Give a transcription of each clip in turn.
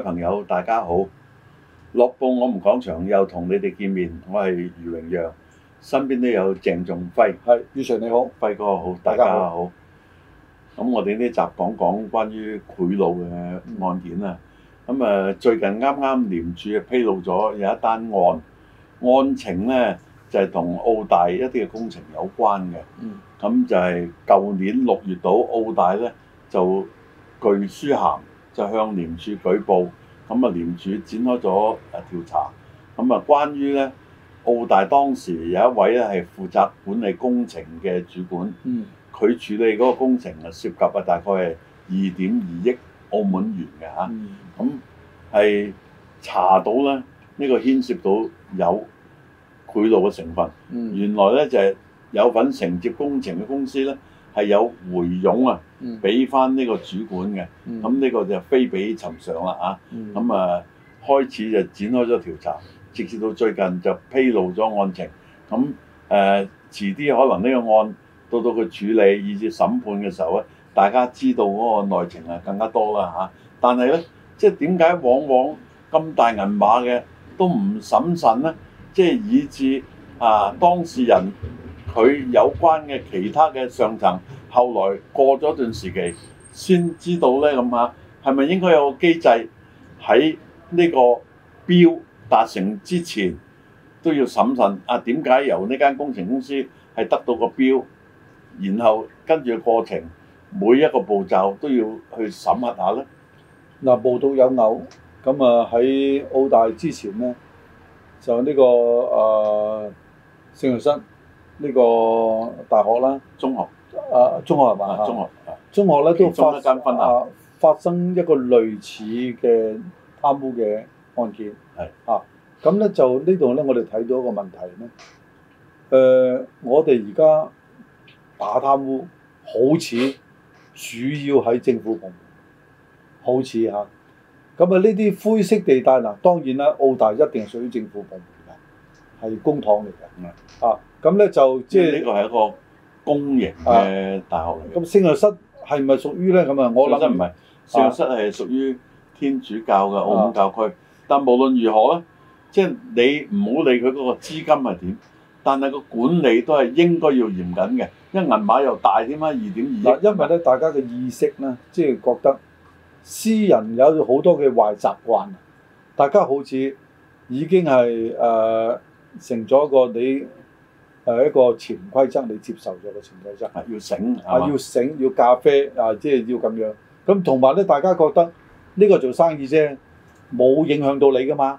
朋友，大家好！樂報我們講場又同你哋見面，我係余榮陽，身邊都有鄭仲輝。係，余 Sir 你好，輝哥，哥好，大家好。咁我哋呢集講講關於賄賂嘅案件啊。咁啊，最近啱啱廉署披露咗有一單案，案情呢就係、是、同澳大一啲嘅工程有關嘅。嗯。咁就係舊年六月到澳大咧，就具書函。就向廉署舉報，咁啊廉署展開咗誒調查，咁啊關於咧澳大當時有一位咧係負責管理工程嘅主管，佢、嗯、處理嗰個工程啊涉及啊大概係二點二億澳門元嘅嚇，咁係、嗯、查到咧呢、呢個牽涉到有賄賂嘅成分，嗯、原來咧就係、係、有份承接工程嘅公司咧。係有回佣啊，俾翻呢個主管嘅，咁呢、嗯、個就非比尋常啦啊！咁、嗯、啊，開始就展開咗調查，直至到最近就披露咗案情。咁誒、呃，遲啲可能呢個案到到佢處理，以至審判嘅時候咧、啊，大家知道嗰個內情係更加多啦嚇、啊。但係咧，即係點解往往咁大銀碼嘅都唔審慎呢？即、就、係、是、以至啊，當事人佢有關嘅其他嘅上層。後來過咗段時期，先知道呢，咁啊，係咪應該有個機制喺呢個標達成之前都要審慎啊？點解由呢間工程公司係得到個標，然後跟住個過程每一個步驟都要去審核下呢？嗱，報道有牛咁啊！喺澳大之前呢，就呢個誒聖若瑟，呢個大學啦、中學。啊，中學係嘛？中學中學咧都發啊發生一個類似嘅貪污嘅案件。係啊，咁咧就呢度咧，我哋睇到一個問題咧。誒，我哋而家打貪污，好似主要喺政府部門，好似嚇。咁啊，呢啲灰色地帶嗱，當然啦，澳大一定係屬於政府部門㗎，係公帑嚟㗎。啊，咁咧就即係呢個係一個公營嘅大學嚟嘅，咁、啊、聖約瑟係咪屬於咧？咁啊，我諗聖約瑟唔係，聖約瑟係屬於天主教嘅、啊、澳門教區。啊、但無論如何咧，即、就、係、是、你唔好理佢嗰個資金係點，但係個管理都係應該要嚴謹嘅，因為銀碼又大啲嘛，二點二。因為咧，大家嘅意識咧，即、就、係、是、覺得私人有好多嘅壞習慣，大家好似已經係誒、呃、成咗個你。係一個潛規則，你接受咗個潛規則，係要醒，啊要醒，要咖啡，啊即係要咁樣。咁同埋咧，大家覺得呢個做生意啫，冇影響到你噶嘛，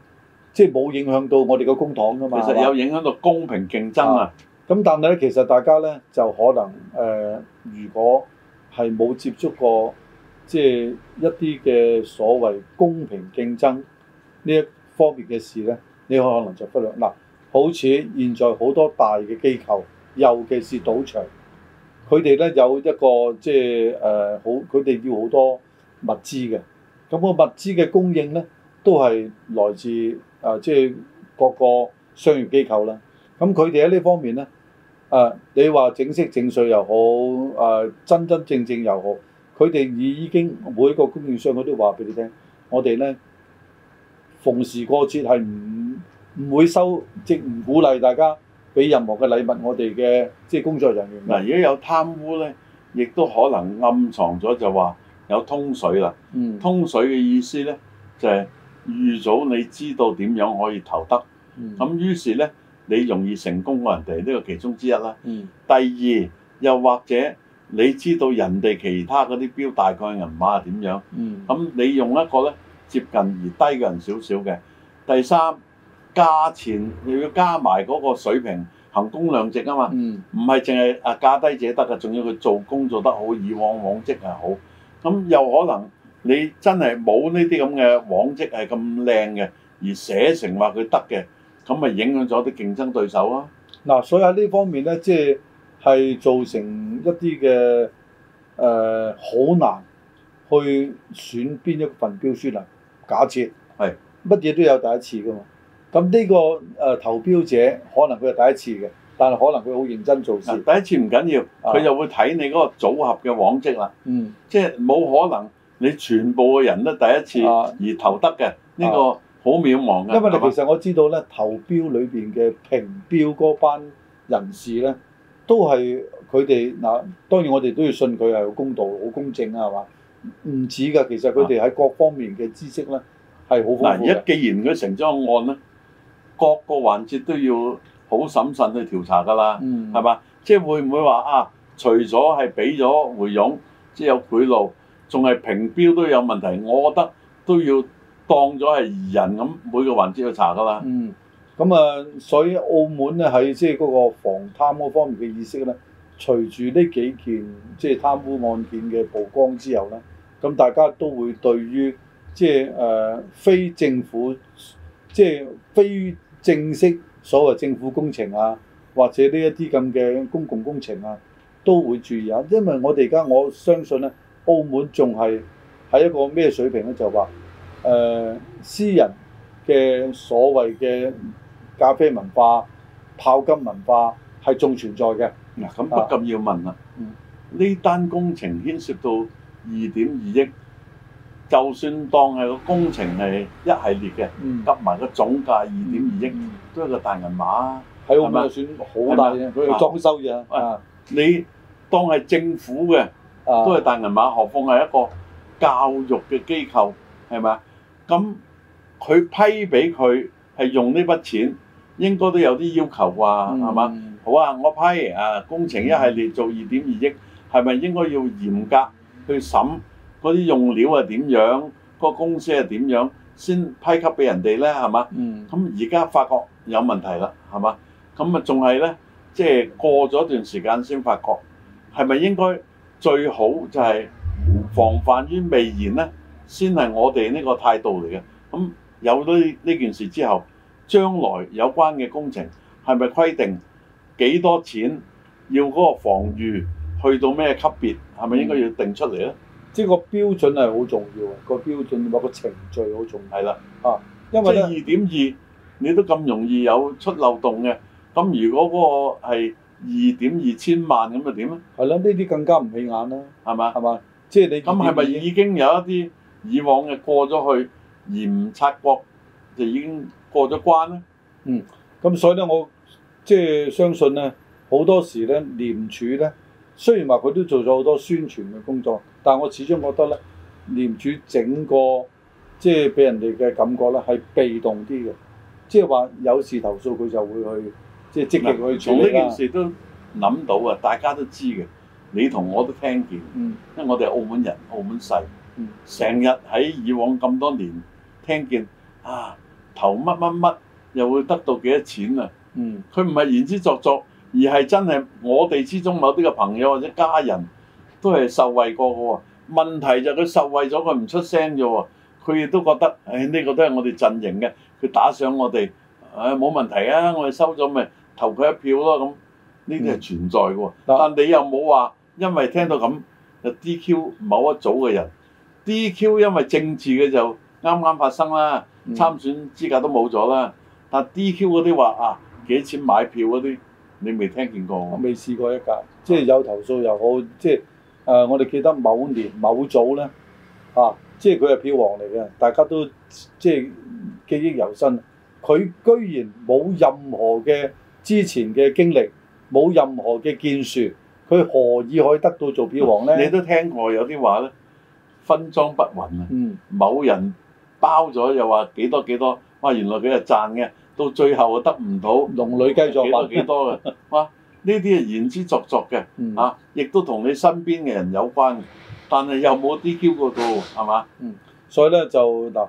即係冇影響到我哋個公帑噶嘛。其實有影響到公平競爭啊。咁吧、啊、但係咧，其實大家咧就可能誒、呃，如果係冇接觸過即係一啲嘅所謂公平競爭呢一方面嘅事咧，你可能就忽略嗱。啊好似現在好多大嘅機構，尤其是賭場，佢哋咧有一個即係誒好，佢、呃、哋要好多物資嘅。咁個物資嘅供應咧，都係來自誒、呃、即係各個商業機構啦。咁佢哋喺呢方面咧，誒、呃、你話整色整水又好，誒、呃、真真正正又好，佢哋已已經每一個供應商佢都話俾你聽，我哋咧逢時過節係唔唔會收，即係唔鼓勵大家俾任何嘅禮物，我哋嘅即係工作人員嗱，如果有貪污咧，亦都可能暗藏咗就話有通水啦。嗯，通水嘅意思咧就係預早你知道點樣可以投得。嗯，咁於是咧你容易成功過人哋，呢個其中之一啦。嗯，第二又或者你知道人哋其他嗰啲標大概銀碼係點樣？嗯，咁你用一個咧接近而低嘅人少少嘅，第三。價錢又要加埋嗰個水平，行工量值啊嘛，唔係淨係啊價低者得嘅，仲要佢做工做得好，以往往績係好，咁又可能你真係冇呢啲咁嘅往績係咁靚嘅，而寫成話佢得嘅，咁咪影響咗啲競爭對手囉。嗱、嗯，所以喺呢方面咧，即係係造成一啲嘅誒好難去選邊一份標書啊。假設係乜嘢都有第一次㗎嘛。咁呢、這個誒、呃、投標者可能佢係第一次嘅，但係可能佢好認真做事。第一次唔緊要，佢就、啊、會睇你嗰個組合嘅往績啦。嗯，即係冇可能你全部嘅人都第一次而投得嘅呢、啊、個好渺茫嘅。因為你其實吧我知道咧，投標裏邊嘅評標嗰班人士咧，都係佢哋嗱，當然我哋都要信佢係公道、好公正啊，係嘛？唔止㗎，其實佢哋喺各方面嘅知識咧係好好豐富。一、啊、既然佢成咗案咧。嗯各個環節都要好審慎去調查㗎啦，係嘛，嗯？即係會唔會話啊？除咗係俾咗回佣，即係有賄賂，仲係評標都有問題，我覺得都要當咗係人咁每個環節去查㗎啦。嗯，咁啊，所以澳門咧喺即係嗰個防貪嗰方面嘅意識咧，隨住呢幾件即係貪污案件嘅曝光之後咧，咁大家都會對於即係誒非政府即係、就是、非。正式所謂政府工程啊，或者呢一啲咁嘅公共工程啊，都會注意啊。因為我哋而家我相信咧、啊，澳門仲係喺一個咩水平咧？就話誒、呃、私人嘅所謂嘅咖啡文化、泡金文化係仲存在嘅。嗱、嗯，咁不禁要問啦，呢、嗯嗯嗯、單工程牽涉到二點二億。就算當係個工程係一系列嘅，夾埋個總價二點二億，都係個大銀碼，係咪？算好大嘅，佢裝修嘢。你當係政府嘅，都係大銀碼，何況係一個教育嘅機構，係咪？咁佢批俾佢係用呢筆錢，應該都有啲要求啩，係嘛？好啊，我批啊工程一系列做二點二億，係咪應該要嚴格去審？嗰啲用料係點樣，嗰個公司係點樣，先批給俾人哋咧，係嘛？咁而家發覺有問題啦，係嘛？咁啊，仲係咧，即係過咗段時間先發覺，係咪應該最好就係防範於未然咧？先係我哋呢個態度嚟嘅。咁有咗呢件事之後，將來有關嘅工程係咪規定幾多錢要嗰個防禦去到咩級別？係咪、嗯、應該要定出嚟咧？呢個標準係好重要嘅，這個標準同埋、這個程序好重要，係啦的，啊，因為二點二你都咁容易有出漏洞嘅，咁如果嗰個係二點二千萬咁就點咧？係咯，呢啲更加唔起眼啦，係咪吧？係嘛吧？即係你咁係咪已經有一啲以往嘅過咗去嚴察過就已經過咗關咧？嗯，咁所以咧，我即係相信咧，好多時咧，廉署咧。雖然話佢都做咗好多宣傳嘅工作，但我始終覺得咧，廉署整個即係俾人哋嘅感覺咧係被動啲嘅，即係話有事投訴佢就會去即係、就是、積極去做呢件事都諗到啊，大家都知嘅，你同我都聽見，嗯、因為我哋係澳門人，澳門細，成、嗯、日喺以往咁多年聽見啊投乜乜乜又會得到幾多錢啊？嗯，佢唔係言之鑿鑿。而係真係我哋之中某啲嘅朋友或者家人，都係受惠過嘅喎。問題就佢受惠咗，佢唔出聲啫喎。佢亦都覺得，誒呢個都係我哋陣營嘅，佢打上我哋，誒冇問題啊！我哋收咗咪投佢一票咯咁。呢啲係存在嘅喎。嗯，但你又冇話，因為聽到咁就 DQ 某一組嘅人，DQ 因為政治嘅就啱啱發生啦，參選資格都冇咗啦。但 DQ 嗰啲話啊，幾錢買票嗰啲？你未聽見過我？我未試過一架，即係有投訴又好，即係誒、呃，我哋記得某年某組咧，嚇、啊，即係佢係票王嚟嘅，大家都即係記憶猶新。佢居然冇任何嘅之前嘅經歷，冇任何嘅建樹，佢何以可以得到做票王咧、嗯？你都聽過有啲話咧，分贓不勻啊！嗯，某人包咗又話幾多幾多，哇！原來佢係賺嘅。到最後啊，得唔到，龍累積咗幾多幾多嘅，哇！呢啲啊言之鑿鑿嘅，啊，亦都同你身邊嘅人有關嘅。但係又冇啲嬌個到，係嘛？嗯，所以咧就嗱，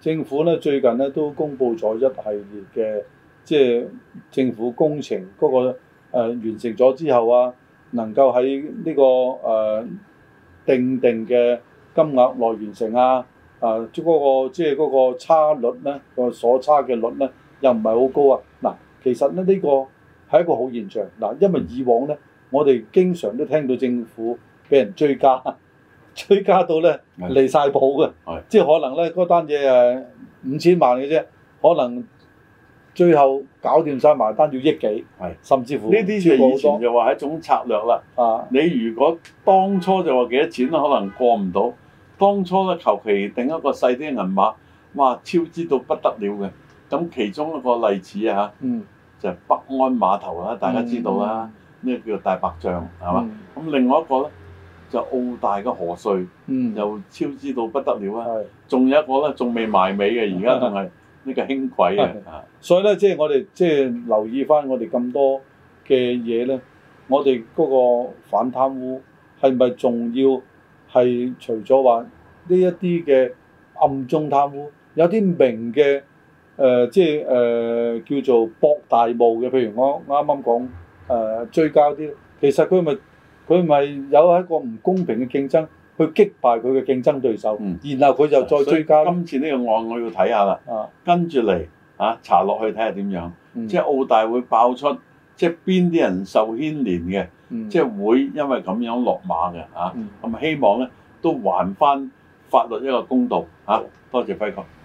政府咧最近咧都公布咗一系列嘅，即係政府工程嗰個誒完成咗之後啊，能夠喺呢個誒定定嘅金額內完成啊，誒即嗰個即係嗰個差率咧，個所差嘅率咧。又唔係好高啊！嗱，其實咧呢個係一個好現象嗱，因為以往咧，我哋經常都聽到政府俾人追加，追加到咧離晒譜嘅，即係可能咧嗰單嘢誒五千萬嘅啫，可能最後搞掂晒埋單要億幾，的甚至乎呢啲以前就話係一種策略啦。的你如果當初就話幾多錢，可能過唔到，當初咧求其定一個細啲銀碼，哇，超支到不得了嘅。咁其中一個例子啊，嚇、嗯，就係北安碼頭啦，大家知道啦，呢、嗯、個叫做大白象，係嘛？咁、嗯、另外一個咧，就是、澳大嘅河隧、嗯、又超支到不得了啊！仲是有一個咧，仲未埋尾嘅，而家仲係呢個輕軌啊。所以咧，即、就、係、是、我哋即係留意翻我哋咁多嘅嘢咧，我哋嗰個反貪污係咪仲要係除咗話呢一啲嘅暗中貪污，有啲明嘅？誒即係誒叫做博大霧嘅，譬如我啱啱講誒追加啲，其實佢咪佢咪有一個唔公平嘅競爭去擊敗佢嘅競爭對手，嗯、然後佢就再追加。嗯、今次呢個案我要睇下啦，啊、跟住嚟嚇查落去睇下點樣，嗯、即係奧大會爆出即係邊啲人受牽連嘅，即係、嗯嗯、會因為咁樣落馬嘅嚇，咁希望咧都還翻法律一個公道嚇。多謝輝哥。啊。